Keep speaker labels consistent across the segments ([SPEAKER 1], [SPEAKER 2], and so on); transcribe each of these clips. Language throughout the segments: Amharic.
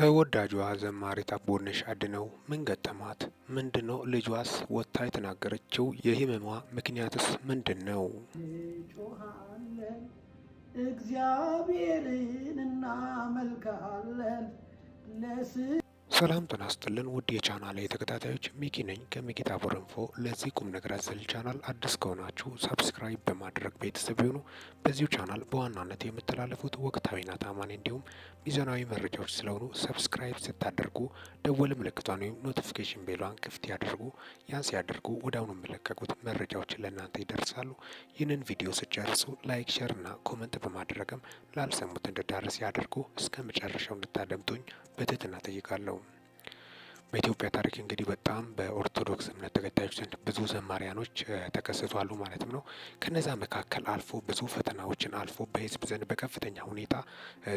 [SPEAKER 1] ተወዳጇ ዘማሪት አቦነሽ አድነው ምን ገጠማት? ምንድነው ልጇስ ወጥታ የተናገረችው? የህመሟ ምክንያትስ ምንድን ነው? እንጮሃለን፣ እግዚአብሔርን እናመልካለን። ሰላም ጤና ውድ የቻናል የተከታታዮች ሚኪ ነኝ ከሚኪታ ቦረንፎ። ለዚህ ቁም ነገር አዘል ቻናል አዲስ ከሆናችሁ ሳብስክራይብ በማድረግ ቤተሰብ ይሁኑ። በዚሁ ቻናል በዋናነት የምተላለፉት ወቅታዊና ታማኝ እንዲሁም ሚዛናዊ መረጃዎች ስለሆኑ ሰብስክራይብ ስታደርጉ ደወል ምልክቷን ወይም ኖቲፊኬሽን ቤሏን ክፍት ያደርጉ። ያን ሲያደርጉ ወደ አሁኑ የሚለቀቁት መረጃዎች ለእናንተ ይደርሳሉ። ይህንን ቪዲዮ ስጨርሱ ላይክ፣ ሸር እና ኮመንት በማድረግም ላልሰሙት እንድዳረስ ያደርጉ። እስከ መጨረሻው እንድታደምጡኝ በትህትና ጠይቃለሁ። በኢትዮጵያ ታሪክ እንግዲህ በጣም በኦርቶዶክስ እምነት ተከታዮች ዘንድ ብዙ ዘማሪያኖች ተከስቷሉ ማለትም ነው። ከነዛ መካከል አልፎ ብዙ ፈተናዎችን አልፎ በህዝብ ዘንድ በከፍተኛ ሁኔታ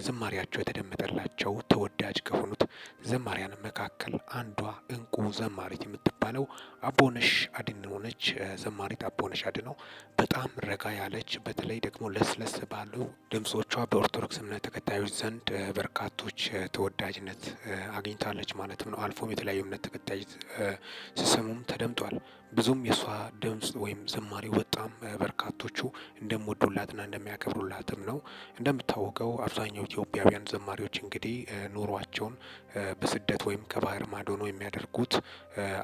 [SPEAKER 1] ዝማሪያቸው የተደመጠላቸው ተወዳጅ ከሆኑት ዘማሪያን መካከል አንዷ እንቁ ዘማሪት የምትባለው አቦነሽ አድነች ዘማሪት አቦነሽ አድነው በጣም ረጋ ያለች በተለይ ደግሞ ለስለስ ባሉ ድምጾቿ በኦርቶዶክስ እምነት ተከታዮች ዘንድ በርካቶች ተወዳጅነት አግኝታለች ማለትም ነው አልፎ የተለያዩ እምነት ተከታይ ሲሰሙም ተደምጧል። ብዙም የእሷ ድምፅ ወይም ዝማሬው በጣም በርካቶቹ እንደሚወዱላትና እንደሚያከብሩላትም ነው። እንደምታወቀው አብዛኛው ኢትዮጵያውያን ዘማሪዎች እንግዲህ ኑሯቸውን በስደት ወይም ከባህር ማዶ ነው የሚያደርጉት።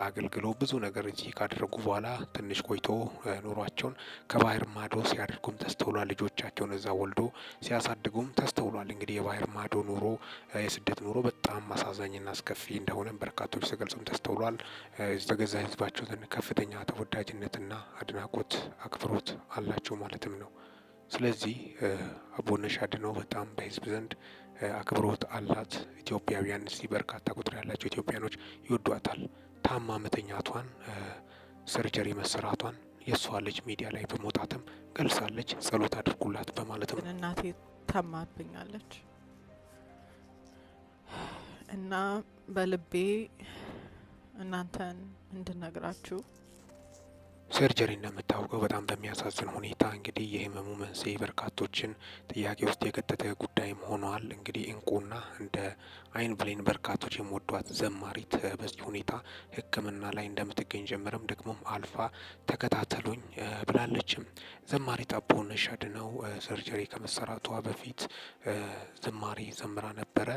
[SPEAKER 1] አገልግሎ ብዙ ነገር እዚህ ካደረጉ በኋላ ትንሽ ቆይቶ ኑሯቸውን ከባህር ማዶ ሲያደርጉም ተስተውሏል። ልጆቻቸውን እዛ ወልዶ ሲያሳድጉም ተስተውሏል። እንግዲህ የባህር ማዶ ኑሮ፣ የስደት ኑሮ በጣም አሳዛኝና አስከፊ እንደሆነ በርካታ በወጣቶች ተገልጾም ተስተውሏል። በገዛ ሕዝባቸው ዘንድ ከፍተኛ ተወዳጅነትና አድናቆት፣ አክብሮት አላቸው ማለትም ነው። ስለዚህ አቦነሽ አድነው በጣም በህዝብ ዘንድ አክብሮት አላት። ኢትዮጵያውያን እዚህ በርካታ ቁጥር ያላቸው ኢትዮጵያኖች ይወዷታል። ታማ መተኛቷን ሰርጀሪ መሰራቷን የእሷ ልጅ ሚዲያ ላይ በመውጣትም ገልጻለች። ጸሎት አድርጉላት በማለትም
[SPEAKER 2] እናቴ ታማብኛለች እና በልቤ እናንተን እንድነግራችሁ
[SPEAKER 1] ሰርጀሪ እንደምታውቀው በጣም በሚያሳዝን ሁኔታ እንግዲህ የህመሙ መንስኤ በርካቶችን ጥያቄ ውስጥ የከተተ ጉዳይም ሆኗል። እንግዲህ እንቁና እንደ አይን ብሌን በርካቶች የሚወዷት ዘማሪት በዚህ ሁኔታ ሕክምና ላይ እንደምትገኝ ጀምረም ደግሞም አልፋ ተከታተሉኝ ብላለችም። ዘማሪት አቦነሽ አድነው ሰርጀሪ ከመሰራቷ በፊት ዝማሬ ዘምራ ነበረ።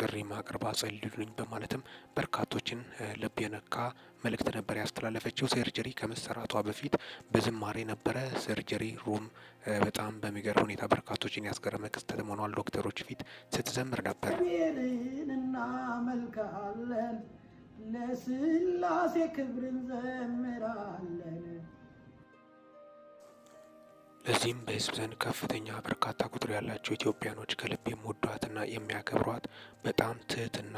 [SPEAKER 1] ጥሪ ማቅረባ ጸልዩልኝ በማለትም በርካቶችን ልብ የነካ መልእክት ነበር ያስተላለፈችው። ሰርጀሪ ከመሰራቷ በፊት በዝማሬ ነበረ። ሰርጀሪ ሩም በጣም በሚገርም ሁኔታ በርካቶችን ያስገረመ ክስተት ሆኗል። ዶክተሮች ፊት ስትዘምር ነበር። እናመልካለን፣ ለስላሴ ክብርን ዘምራለን በዚህም በህዝብ ዘንድ ከፍተኛ በርካታ ቁጥር ያላቸው ኢትዮጵያኖች ከልብ የሚወዷትና የሚያከብሯት በጣም ትህትና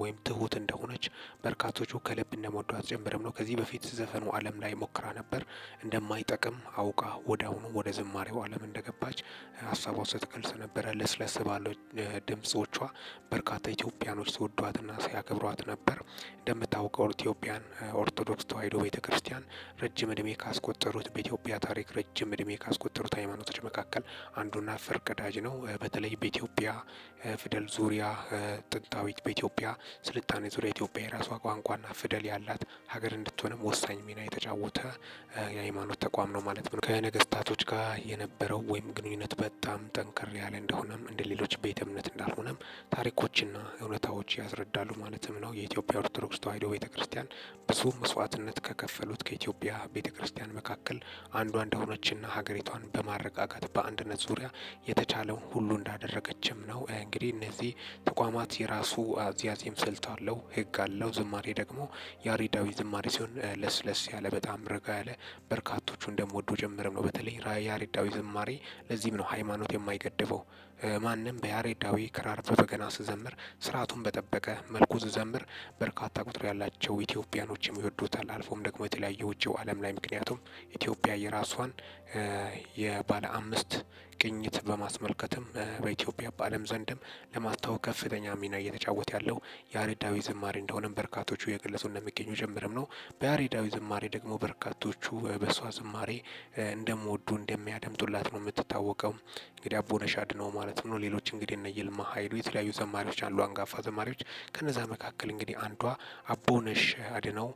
[SPEAKER 1] ወይም ትሁት እንደሆነች በርካቶቹ ከልብ እንደመወዷት ጭምርም ነው። ከዚህ በፊት ዘፈኑ ዓለም ላይ ሞክራ ነበር። እንደማይጠቅም አውቃ ወዲያውኑ ወደ ዝማሬው ዓለም እንደገባች ሀሳቧ ስትገልጽ ነበረ። ለስለስ ባለው ድምጾቿ በርካታ ኢትዮጵያኖች ሲወዷትና ሲያከብሯት ነበር። እንደምታውቀው ኢትዮጵያን ኦርቶዶክስ ተዋሕዶ ቤተ ክርስቲያን ረጅም እድሜ ካስቆጠሩት በኢትዮጵያ ታሪክ ረጅም እድሜ ከሚቆጠሩት ሃይማኖቶች መካከል አንዱና ፈርቀዳጅ ነው። በተለይ በኢትዮጵያ ፊደል ዙሪያ ጥንታዊት በኢትዮጵያ ስልጣኔ ዙሪያ ኢትዮጵያ የራሷ ቋንቋና ፊደል ያላት ሀገር እንድትሆንም ወሳኝ ሚና የተጫወተ የሃይማኖት ተቋም ነው ማለት ነው። ከነገስታቶች ጋር የነበረው ወይም ግንኙነት በጣም ጠንከር ያለ እንደሆነም እንደ ሌሎች ቤተ እምነት እንዳልሆነም ታሪኮችና እውነታዎች ያስረዳሉ ማለትም ነው። የኢትዮጵያ ኦርቶዶክስ ተዋሕዶ ቤተ ክርስቲያን ብዙ መስዋዕትነት ከከፈሉት ከኢትዮጵያ ቤተ ክርስቲያን መካከል አንዷ እንደሆነችና ሀገሪቷ ራሷን በማረጋጋት በአንድነት ዙሪያ የተቻለው ሁሉ እንዳደረገችም ነው። እንግዲህ እነዚህ ተቋማት የራሱ አዝያዜም ስልት አለው፣ ህግ አለው። ዝማሬ ደግሞ ያሬዳዊ ዝማሬ ሲሆን ለስለስ ያለ በጣም ረጋ ያለ በርካቶቹ እንደምወዱ ጭምርም ነው። በተለይ ያሬዳዊ ዝማሬ ለዚህም ነው ሃይማኖት የማይገድበው። ማንም በያሬዳዊ ክራር በበገና ስዘምር ስርዓቱን በጠበቀ መልኩ ስዘምር በርካታ ቁጥር ያላቸው ኢትዮጵያኖችም ይወዱታል። አልፎም ደግሞ የተለያዩ ውጭው ዓለም ላይ ምክንያቱም ኢትዮጵያ የራሷን የባለ አምስት ቅኝት በማስመልከትም በኢትዮጵያ በዓለም ዘንድም ለማስታወቅ ከፍተኛ ሚና እየተጫወተ ያለው ያሬዳዊ ዝማሬ እንደሆነም በርካቶቹ የገለጹ እንደሚገኙ ጭምርም ነው። በያሬዳዊ ዝማሬ ደግሞ በርካቶቹ በእሷ ዝማሬ እንደሚወዱ እንደሚያደምጡላት ነው የምትታወቀው። እንግዲህ አቦነሽ አድነው ማለት ነው። ሌሎች እንግዲህ እነ ይልማ ኃይሉ የተለያዩ ዘማሪዎች አሉ፣ አንጋፋ ዘማሪዎች። ከነዛ መካከል እንግዲህ አንዷ አቦነሽ አድነው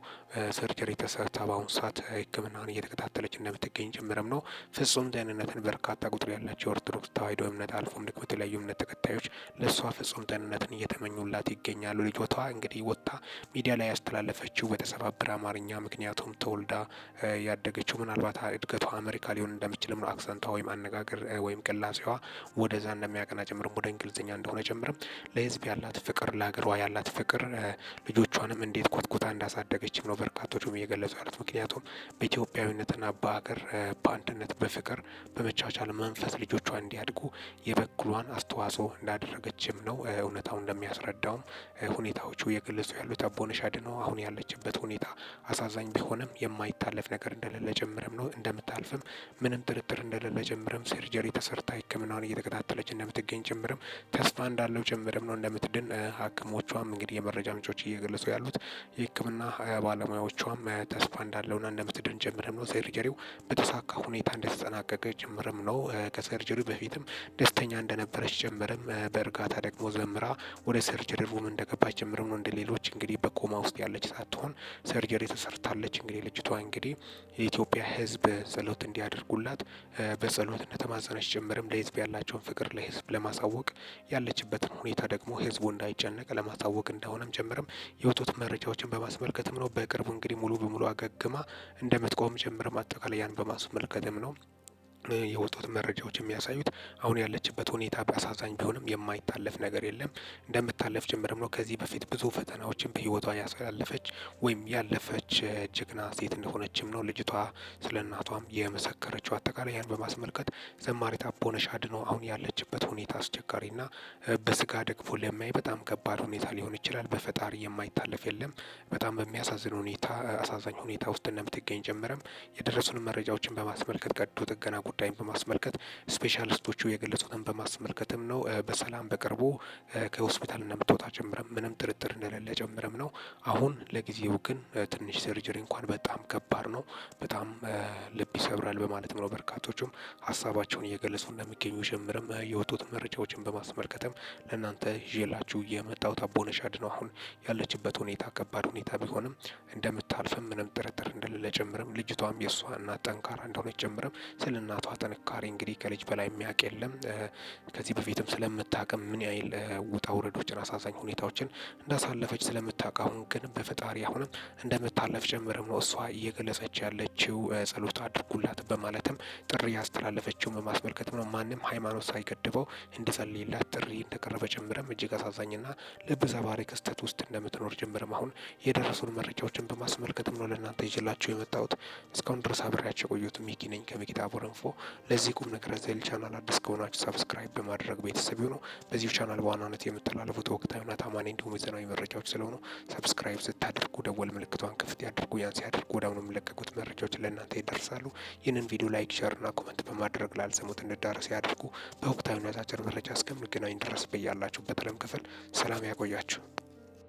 [SPEAKER 1] ሰርጀሪ ተሰርታ በአሁኑ ሰዓት ሕክምናን እየተከታተለች እንደምትገኝ ጭምርም ነው። ፍጹም ደህንነትን በርካታ ቁጥር ያላቸው ካላቸው የኦርቶዶክስ ተዋሕዶ እምነት አልፎም ደግሞ የተለያዩ እምነት ተከታዮች ለእሷ ፍጹም ጤንነትን እየተመኙላት ይገኛሉ። ልጆቷ እንግዲህ ወጥታ ሚዲያ ላይ ያስተላለፈችው በተሰባበረ አማርኛ፣ ምክንያቱም ተወልዳ ያደገችው ምናልባት እድገቷ አሜሪካ ሊሆን እንደምችልም ነው። አክሰንቷ ወይም አነጋገር ወይም ቅላሴዋ ወደዛ እንደሚያቀና ጭምርም ወደ እንግሊዝኛ እንደሆነ ጭምርም ለህዝብ ያላት ፍቅር፣ ለሀገሯ ያላት ፍቅር ልጆቿንም እንዴት ኮትኩታ እንዳሳደገችም ነው በርካቶችም እየገለጹ ያሉት። ምክንያቱም በኢትዮጵያዊነትና በሀገር በአንድነት በፍቅር በመቻቻል መንፈስ ልጆቿ እንዲያድጉ የበኩሏን አስተዋጽኦ እንዳደረገችም ነው እውነታው እንደሚያስረዳውም ሁኔታዎቹ የገለጹ ያሉት አቦነሽ አድነው አሁን ያለችበት ሁኔታ አሳዛኝ ቢሆንም የማይታለፍ ነገር እንደሌለ ጭምርም ነው። እንደምታልፍም ምንም ጥርጥር እንደሌለ ጀምርም ሰርጀሪ ተሰርታ ሕክምናውን እየተከታተለች እንደምትገኝ ጭምርም ተስፋ እንዳለው ጭምርም ነው እንደምትድን ሀክሞቿም እንግዲህ የመረጃ ምንጮች እየገለጹ ያሉት የህክምና ባለሙያዎቿም ተስፋ እንዳለውና እንደምትድን ጭምርም ነው ሰርጀሪው በተሳካ ሁኔታ እንደተጠናቀቀ ጭምርም ነው። ከሰርጀሪ በፊትም ደስተኛ እንደነበረች ጭምርም በእርጋታ ደግሞ ዘምራ ወደ ሰርጀሪ ሩም እንደገባች ጭምርም ነው። እንደ ሌሎች እንግዲህ በኮማ ውስጥ ያለች ሳትሆን ሰርጀሪ ተሰርታለች። እንግዲህ ልጅቷ እንግዲህ የኢትዮጵያ ሕዝብ ጸሎት እንዲያደርጉላት በጸሎት እንደተማዘነች ጭምርም ለሕዝብ ያላቸውን ፍቅር ለሕዝብ ለማሳወቅ ያለችበትን ሁኔታ ደግሞ ሕዝቡ እንዳይጨነቅ ለማሳወቅ እንደሆነም ጭምርም የወጡት መረጃዎችን በማስመልከትም ነው። በቅርቡ እንግዲህ ሙሉ በሙሉ አገግማ እንደምትቆም ጨምርም አጠቃላይ ያን በማስመልከትም ነው። የወጡት መረጃዎች የሚያሳዩት አሁን ያለችበት ሁኔታ በአሳዛኝ ቢሆንም የማይታለፍ ነገር የለም። እንደምታለፍ ጭምርም ነው። ከዚህ በፊት ብዙ ፈተናዎችን በህይወቷ ያሳለፈች ወይም ያለፈች ጀግና ሴት እንደሆነችም ነው ልጅቷ ስለ እናቷም የመሰከረችው። አጠቃላይ ያን በማስመልከት ዘማሪት አቦነሽ አድነው አሁን ያለችበት ሁኔታ አስቸጋሪና በስጋ ደግፎ ለሚያይ በጣም ከባድ ሁኔታ ሊሆን ይችላል። በፈጣሪ የማይታለፍ የለም። በጣም በሚያሳዝን ሁኔታ አሳዛኝ ሁኔታ ውስጥ እንደምትገኝ ጭምርም የደረሱን መረጃዎችን በማስመልከት ቀዶ ጥገና ጉዳይን በማስመልከት ስፔሻሊስቶቹ የገለጹትን በማስመልከትም ነው። በሰላም በቅርቡ ከሆስፒታል እንደምትወጣ ጭምረም ምንም ጥርጥር እንደሌለ ጭምረም ነው። አሁን ለጊዜው ግን ትንሽ ሰርጀሪ እንኳን በጣም ከባድ ነው፣ በጣም ልብ ይሰብራል በማለትም ነው በርካቶቹም ሀሳባቸውን እየገለጹ እንደሚገኙ ጭምርም የወጡት መረጃዎችን በማስመልከትም ለእናንተ ይዤላችሁ የመጣሁት አቦነሽ አድነው አሁን ያለችበት ሁኔታ ከባድ ሁኔታ ቢሆንም እንደምታልፍም ምንም ጥርጥር እንደሌለ ጭምርም ልጅቷም የእሷ እናት ጠንካራ እንደሆነ ጭምርም ስልና የእናቷ ጥንካሬ እንግዲህ ከልጅ በላይ የሚያውቅ የለም። ከዚህ በፊትም ስለምታቅም ምን ያህል ውጣ ውረዶችን አሳዛኝ ሁኔታዎችን እንዳሳለፈች ስለምታውቅ አሁን ግን በፈጣሪ አሁንም እንደምታለፍ ጭምርም ነው እሷ እየገለጸች ያለችው። ጸሎት አድርጉላት በማለትም ጥሪ ያስተላለፈችው በማስመልከት ነው ማንም ሃይማኖት ሳይገድበው እንዲጸልይላት ጥሪ እንደቀረበ ጭምርም እጅግ አሳዛኝና ልብ ሰባሪ ክስተት ውስጥ እንደምትኖር ጭምርም አሁን የደረሱን መረጃዎችን በማስመልከትም ነው ለእናንተ ይዤላችሁ የመጣሁት። እስካሁን ድረስ አብሬያቸው ቆዩት። ሚኪ ነኝ ከሚኪታ ቦረንፎ ለዚህ ቁም ነገር አዘል ቻናል አዲስ ከሆናችሁ ሰብስክራይብ በማድረግ ቤተሰብ ሆኖ በዚሁ ቻናል በዋናነት የሚተላለፉት ወቅታዊና ታማኝ እንዲሁም የዘናዊ መረጃዎች ስለሆኑ ሰብስክራይብ ስታደርጉ ደወል ምልክቷን ክፍት ያድርጉ። ያን ሲያደርጉ ወዲያውኑ የሚለቀቁት መረጃዎች ለእናንተ ይደርሳሉ። ይህንን ቪዲዮ ላይክ፣ ሸርና ኮመንት በማድረግ ላልሰሙት እንዳረስ ያድርጉ። በወቅታዊና አጫጭር መረጃ እስከምንገናኝ ድረስ በያላችሁበት ዓለም ክፍል ሰላም ያቆያችሁ።